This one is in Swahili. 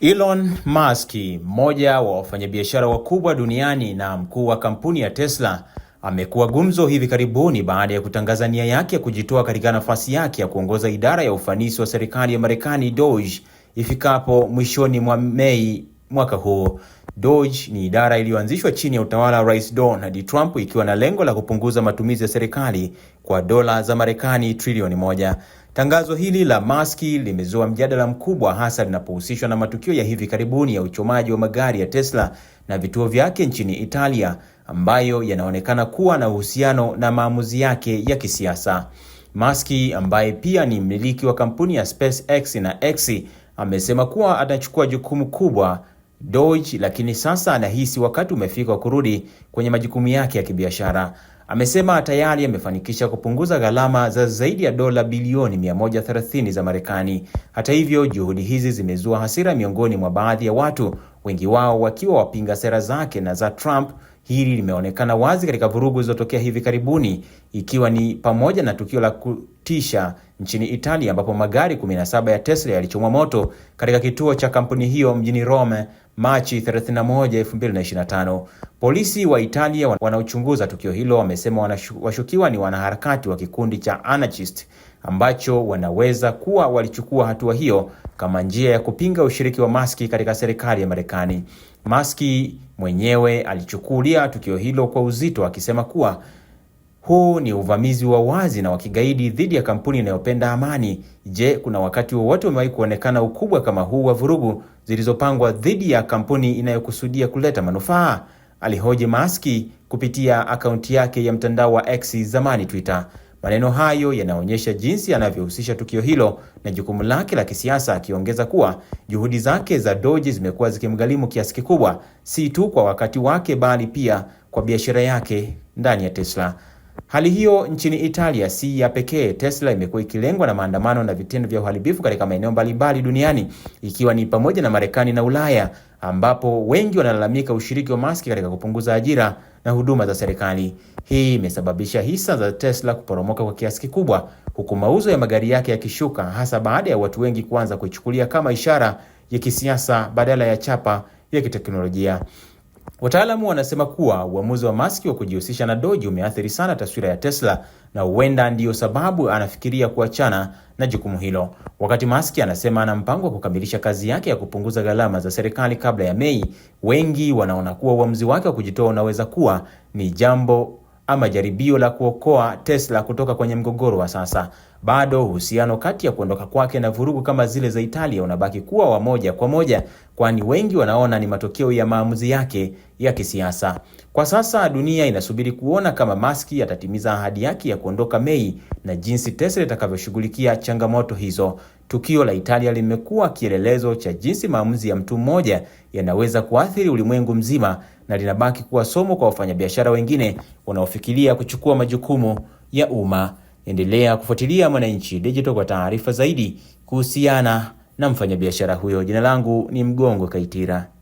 Elon Musk, mmoja wa wafanyabiashara wakubwa duniani na mkuu wa kampuni ya Tesla, amekuwa gumzo hivi karibuni baada ya kutangaza nia yake ya kujitoa katika nafasi yake ya kuongoza idara ya ufanisi wa serikali ya Marekani, DOGE, ifikapo mwishoni mwa Mei mwaka huu. DOGE ni idara iliyoanzishwa chini ya utawala wa Rais Donald Trump ikiwa na lengo la kupunguza matumizi ya serikali kwa dola za Marekani trilioni moja. Tangazo hili la Musk limezua mjadala mkubwa hasa linapohusishwa na matukio ya hivi karibuni ya uchomaji wa magari ya Tesla na vituo vyake nchini Italia ambayo yanaonekana kuwa na uhusiano na maamuzi yake ya kisiasa. Musk ambaye pia ni mmiliki wa kampuni ya SpaceX na X amesema kuwa atachukua jukumu kubwa Deutsch, lakini sasa anahisi wakati umefika wa kurudi kwenye majukumu yake ya kibiashara. Amesema tayari amefanikisha kupunguza gharama za zaidi ya dola bilioni 130 za Marekani. Hata hivyo, juhudi hizi zimezua hasira miongoni mwa baadhi ya watu, wengi wao wakiwa wapinga sera zake na za Trump. Hili limeonekana wazi katika vurugu zilizotokea hivi karibuni, ikiwa ni pamoja na tukio la ku tisha nchini Italia ambapo magari 17 ya Tesla yalichomwa moto katika kituo cha kampuni hiyo mjini Rome Machi 31, 2025. Polisi wa Italia wanaochunguza tukio hilo wamesema washukiwa ni wanaharakati wa kikundi cha anarchist ambacho wanaweza kuwa walichukua hatua hiyo kama njia ya kupinga ushiriki wa Maski katika serikali ya Marekani. Maski mwenyewe alichukulia tukio hilo kwa uzito akisema kuwa huu ni uvamizi wa wazi na wa kigaidi dhidi ya kampuni inayopenda amani. Je, kuna wakati wowote umewahi kuonekana ukubwa kama huu wa vurugu zilizopangwa dhidi ya kampuni inayokusudia kuleta manufaa? Alihoji Maski kupitia akaunti yake ya mtandao wa X, zamani Twitter. Maneno hayo yanaonyesha jinsi anavyohusisha tukio hilo na jukumu lake la kisiasa, akiongeza kuwa juhudi zake za Doge zimekuwa zikimgharimu kiasi kikubwa, si tu kwa wakati wake, bali pia kwa biashara yake ndani ya Tesla. Hali hiyo nchini Italia si ya pekee. Tesla imekuwa ikilengwa na maandamano na vitendo vya uharibifu katika maeneo mbalimbali duniani ikiwa ni pamoja na Marekani na Ulaya, ambapo wengi wanalalamika ushiriki wa Musk katika kupunguza ajira na huduma za serikali. Hii imesababisha hisa za Tesla kuporomoka kwa kiasi kikubwa, huku mauzo ya magari yake yakishuka, hasa baada ya watu wengi kuanza kuichukulia kama ishara ya kisiasa badala ya chapa ya kiteknolojia. Wataalamu wanasema kuwa uamuzi wa Musk wa kujihusisha na Doge umeathiri sana taswira ya Tesla na huenda ndiyo sababu anafikiria kuachana na jukumu hilo. Wakati Musk anasema ana mpango wa kukamilisha kazi yake ya kupunguza gharama za serikali kabla ya Mei, wengi wanaona kuwa uamuzi wake wa kujitoa unaweza kuwa ni jambo ama jaribio la kuokoa Tesla kutoka kwenye mgogoro wa sasa. Bado uhusiano kati ya kuondoka kwake na vurugu kama zile za Italia unabaki kuwa wa moja kwa moja, kwani wengi wanaona ni matokeo ya maamuzi yake ya kisiasa. Kwa sasa dunia inasubiri kuona kama Musk atatimiza ahadi yake ya kuondoka Mei na jinsi Tesla itakavyoshughulikia changamoto hizo. Tukio la Italia limekuwa kielelezo cha jinsi maamuzi ya mtu mmoja yanaweza kuathiri ulimwengu mzima na linabaki kuwa somo kwa wafanyabiashara wengine wanaofikiria kuchukua majukumu ya umma. Endelea kufuatilia Mwananchi Digital kwa taarifa zaidi kuhusiana na mfanyabiashara huyo. Jina langu ni Mgongo Kaitira.